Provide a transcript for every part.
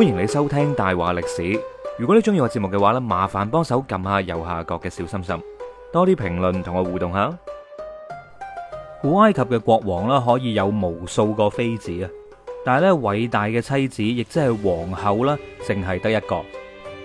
歡迎你收聽大話歷史。如果你中意我節目嘅話咧，麻煩幫手撳下右下角嘅小心心，多啲評論同我互動下。古埃及嘅國王咧可以有無數個妃子啊，但係咧偉大嘅妻子，亦即係皇后啦，淨係得一個，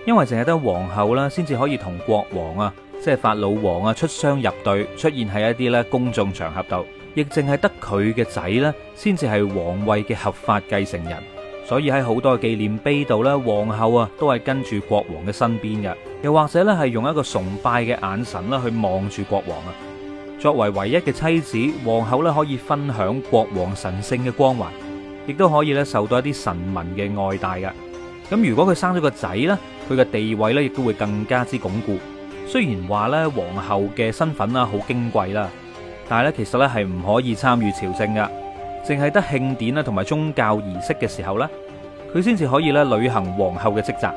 因為淨係得皇后啦，先至可以同國王啊，即係法老王啊出雙入對，出現喺一啲咧公眾場合度，亦淨係得佢嘅仔呢先至係皇位嘅合法繼承人。所以喺好多嘅紀念碑度咧，皇后啊都係跟住國王嘅身邊嘅，又或者咧係用一個崇拜嘅眼神啦去望住國王啊。作為唯一嘅妻子，皇后咧可以分享國王神聖嘅光環，亦都可以咧受到一啲臣民嘅愛戴嘅。咁如果佢生咗個仔咧，佢嘅地位咧亦都會更加之鞏固。雖然話咧皇后嘅身份啦好矜貴啦，但係咧其實咧係唔可以參與朝政噶。淨係得慶典啊，同埋宗教儀式嘅時候呢，佢先至可以咧履行皇后嘅職責。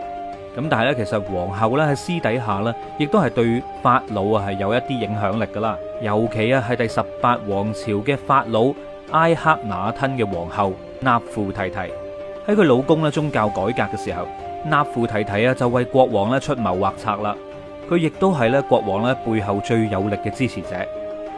咁但係咧，其實皇后咧喺私底下呢亦都係對法老啊係有一啲影響力噶啦。尤其啊，係第十八王朝嘅法老埃克那吞嘅皇后納富提提喺佢老公咧宗教改革嘅時候，納富提提啊就為國王咧出謀劃策啦。佢亦都係咧國王咧背後最有力嘅支持者。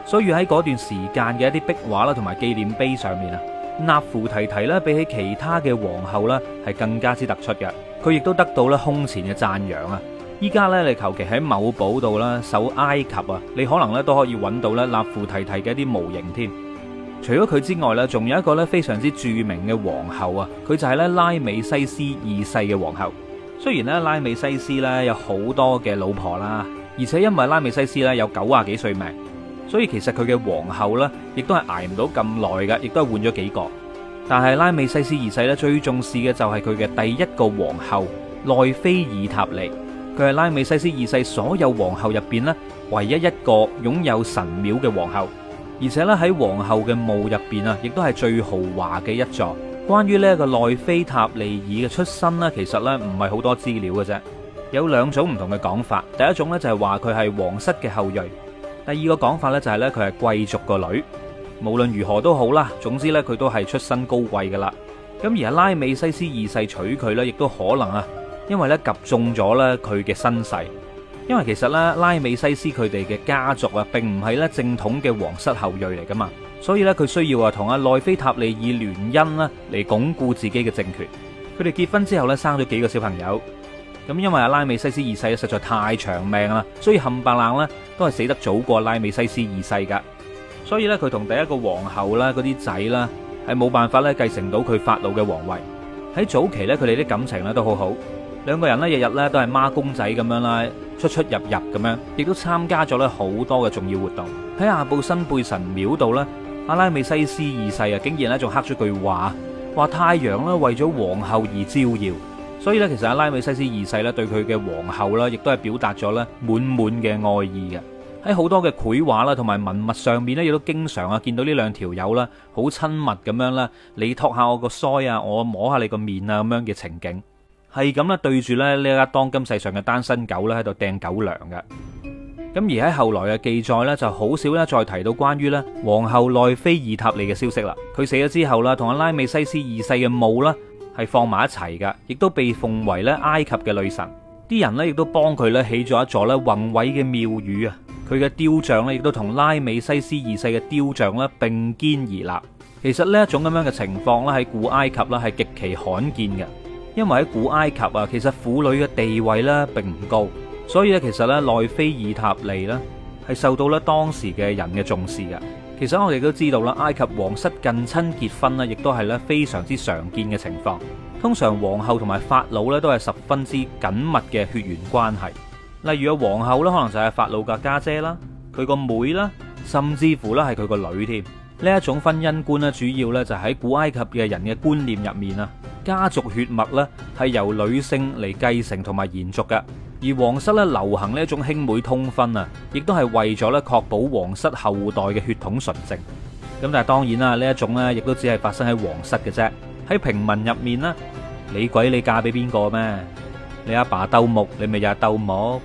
所以喺嗰段時間嘅一啲壁畫啦，同埋紀念碑上面啊，納芙提提咧比起其他嘅皇后咧係更加之突出嘅。佢亦都得到咧空前嘅讚揚啊！依家咧你求其喺某寶度啦搜埃及啊，你可能咧都可以揾到咧納芙提提嘅一啲模型添。除咗佢之外啦，仲有一個咧非常之著名嘅皇后啊，佢就係咧拉美西斯二世嘅皇后。雖然咧拉美西斯咧有好多嘅老婆啦，而且因為拉美西斯咧有九十幾歲命。所以其實佢嘅皇后呢，亦都係捱唔到咁耐㗎，亦都係換咗幾個。但係拉美西斯二世呢，最重視嘅就係佢嘅第一個皇后奈菲爾塔利，佢係拉美西斯二世所有皇后入邊呢，唯一一個擁有神廟嘅皇后，而且呢，喺皇后嘅墓入邊啊，亦都係最豪華嘅一座。關於呢一個奈菲塔利爾嘅出身呢，其實呢，唔係好多資料㗎啫，有兩種唔同嘅講法。第一種呢，就係話佢係皇室嘅後裔。第二個講法呢，就係呢。佢係貴族個女，無論如何都好啦。總之呢，佢都係出身高貴噶啦。咁而阿拉美西斯二世娶佢呢，亦都可能啊，因為呢，睇中咗呢佢嘅身世。因為其實呢，拉美西斯佢哋嘅家族啊，並唔係呢正統嘅皇室後裔嚟噶嘛，所以呢，佢需要啊同阿奈菲塔利爾聯姻啦嚟鞏固自己嘅政權。佢哋結婚之後呢，生咗幾個小朋友。咁因為阿拉美西斯二世實在太長命啦，所以冚白冷呢都係死得早過阿拉美西斯二世噶，所以呢，佢同第一個皇后啦、嗰啲仔啦係冇辦法咧繼承到佢法老嘅皇位。喺早期呢，佢哋啲感情咧都好好，兩個人呢日日咧都係孖公仔咁樣啦，出出入入咁樣，亦都參加咗咧好多嘅重要活動。喺阿布辛貝神廟度呢，阿拉美西斯二世啊竟然呢仲刻咗句話，話太陽咧為咗皇后而照耀。所以咧，其實阿拉美西斯二世咧對佢嘅皇后啦，亦都係表達咗咧滿滿嘅愛意嘅。喺好多嘅繪畫啦，同埋文物上面咧，亦都經常啊見到呢兩條友啦，好親密咁樣啦。你托下我個腮啊，我摸下你個面啊咁樣嘅情景，係咁啦，對住咧呢一家當今世上嘅單身狗咧喺度掟狗糧嘅。咁而喺後來嘅記載咧，就好少咧再提到關於咧皇后內菲爾塔利嘅消息啦。佢死咗之後啦，同阿拉美西斯二世嘅墓啦，係放埋一齊噶亦都被奉為咧埃及嘅女神。啲人呢亦都幫佢咧起咗一座咧宏偉嘅廟宇啊！佢嘅雕像呢，亦都同拉美西斯二世嘅雕像呢並肩而立。其實呢一種咁樣嘅情況呢，喺古埃及呢係極其罕見嘅，因為喺古埃及啊，其實婦女嘅地位呢並唔高，所以呢，其實呢，奈菲爾塔利呢係受到咧當時嘅人嘅重視嘅。其實我哋都知道啦，埃及皇室近親結婚呢，亦都係呢非常之常見嘅情況。通常皇后同埋法老呢，都係十分之緊密嘅血緣關係。例如啊，皇后呢，可能就係法老嘅家姐啦，佢個妹啦，甚至乎呢係佢個女添。呢一種婚姻觀呢，主要呢就喺古埃及嘅人嘅觀念入面啊，家族血脈呢，係由女性嚟繼承同埋延續嘅。而皇室咧流行呢一種兄妹通婚啊，亦都係為咗咧確保皇室後代嘅血統純正。咁但係當然啦，呢一種咧亦都只係發生喺皇室嘅啫。喺平民入面咧，你鬼你嫁俾邊個咩？你阿爸鬥木，你咪又係鬥木。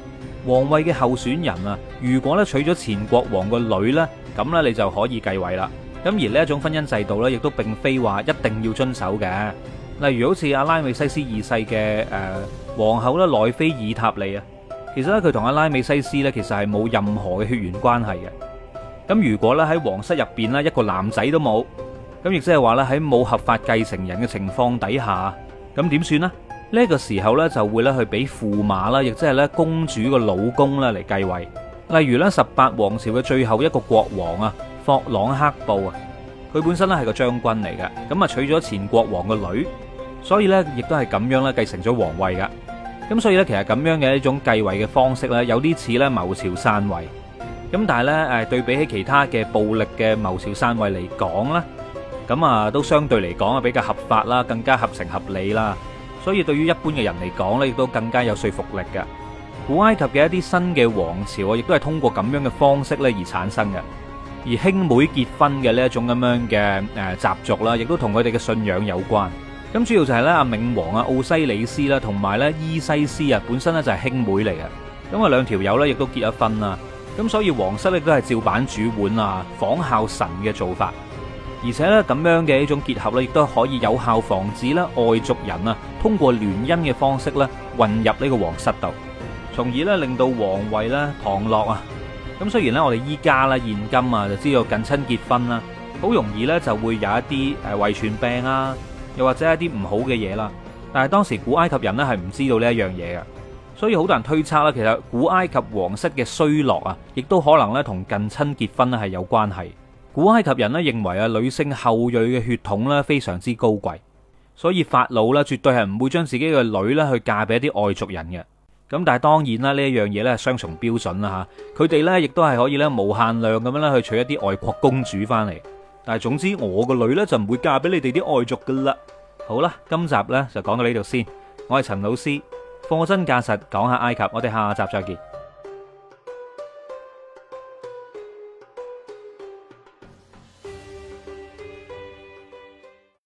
皇位嘅候選人啊，如果咧娶咗前國王個女呢，咁咧你就可以繼位啦。咁而呢一種婚姻制度咧，亦都並非話一定要遵守嘅。例如好似阿拉美西斯二世嘅誒、呃、皇后啦，奈菲爾塔利啊，其實咧佢同阿拉美西斯咧其實係冇任何嘅血緣關係嘅。咁如果咧喺皇室入邊咧一個男仔都冇，咁亦即係話咧喺冇合法繼承人嘅情況底下，咁點算咧？呢、這個時候咧就會咧去俾駙馬啦，亦即係咧公主嘅老公啦嚟繼位。例如咧十八王朝嘅最後一個國王啊，霍朗克布啊，佢本身咧係個將軍嚟嘅，咁啊娶咗前國王個女。所以咧，亦都係咁樣咧繼承咗皇位噶。咁所以咧，其實咁樣嘅一種繼位嘅方式咧，有啲似咧謀朝篡位。咁但係咧，誒對比起其他嘅暴力嘅謀朝篡位嚟講啦，咁啊都相對嚟講啊比較合法啦，更加合情合理啦。所以對於一般嘅人嚟講咧，亦都更加有說服力嘅。古埃及嘅一啲新嘅王朝啊，亦都係通過咁樣嘅方式咧而產生嘅。而兄妹結婚嘅呢一種咁樣嘅誒習俗啦，亦都同佢哋嘅信仰有關。咁主要就係咧，阿冥王啊、奧西里斯啦，同埋咧伊西斯啊，本身咧就係兄妹嚟嘅，咁啊兩條友咧亦都結咗婚啦。咁所以皇室咧都係照版煮碗啊，仿效神嘅做法，而且咧咁樣嘅一種結合咧，亦都可以有效防止咧外族人啊通過聯姻嘅方式咧混入呢個皇室度，從而咧令到皇位咧旁落啊。咁雖然咧我哋依家咧現今啊就知道近親結婚啦，好容易咧就會有一啲誒遺傳病啊。又或者一啲唔好嘅嘢啦，但係當時古埃及人咧係唔知道呢一樣嘢嘅，所以好多人推測啦，其實古埃及皇室嘅衰落啊，亦都可能咧同近親結婚咧係有關係。古埃及人咧認為啊，女性後裔嘅血統咧非常之高貴，所以法老啦絕對係唔會將自己嘅女咧去嫁俾一啲外族人嘅。咁但係當然啦，呢一樣嘢咧係雙重標準啦吓，佢哋呢亦都係可以咧無限量咁樣咧去娶一啲外國公主翻嚟。但係總之，我個女呢就唔會嫁俾你哋啲外族噶啦。好啦，今集呢就講到呢度先。我係陳老師，貨真價實，講下埃及。我哋下集再見。